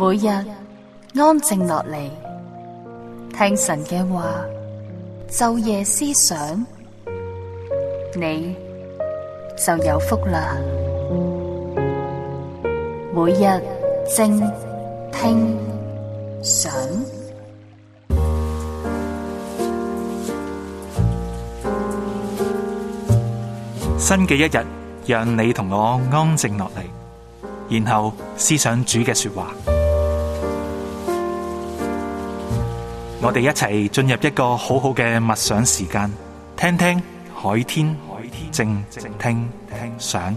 每日安靜落嚟，聽神嘅話，晝夜思想，你就有福啦。每日靜聽想，新嘅一日，讓你同我安靜落嚟，然後思想主嘅說話。我哋一齊進入一個好好嘅默想時間，聽聽海天靜聽想。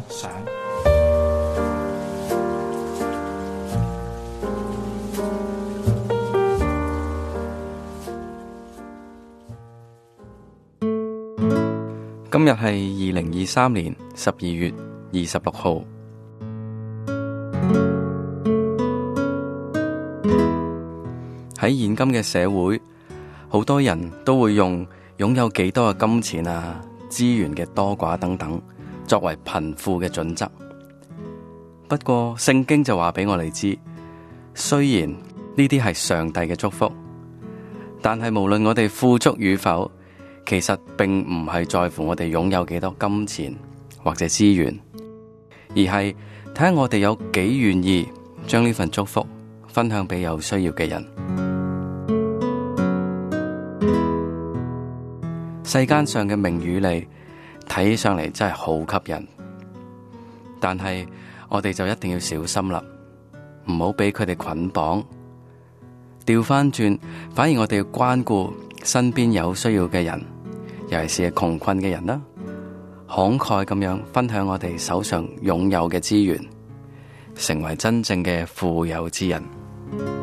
今日係二零二三年十二月二十六號。喺現今嘅社會，好多人都會用擁有幾多嘅金錢啊、資源嘅多寡等等作為貧富嘅準則。不過，聖經就話俾我哋知，雖然呢啲係上帝嘅祝福，但係無論我哋富足與否，其實並唔係在乎我哋擁有幾多金錢或者資源，而係睇下我哋有幾願意將呢份祝福分享俾有需要嘅人。世間上嘅名與利，睇上嚟真係好吸引，但係我哋就一定要小心啦，唔好俾佢哋捆綁。調翻轉，反而我哋要關顧身邊有需要嘅人，尤其是窮困嘅人啦，慷慨咁樣分享我哋手上擁有嘅資源，成為真正嘅富有之人。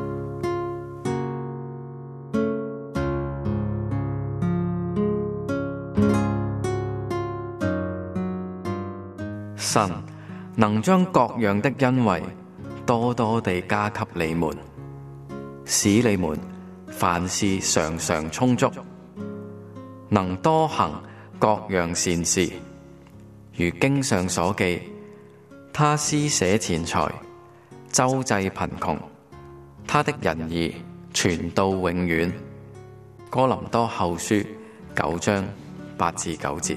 神能將各樣的恩惠多多地加給你們，使你們凡事常常充足，能多行各樣善事。如經上所記，他施捨錢財，周濟貧窮，他的仁義傳到永遠。哥林多後書九章八至九節。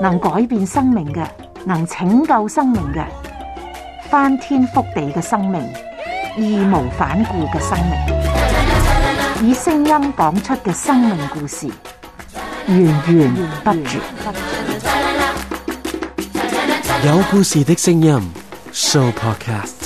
能改變生命嘅，能拯救生命嘅，翻天覆地嘅生命，義無反顧嘅生命，以聲音講出嘅生命故事，源源不絕。有故事的聲音，Sooo Podcast。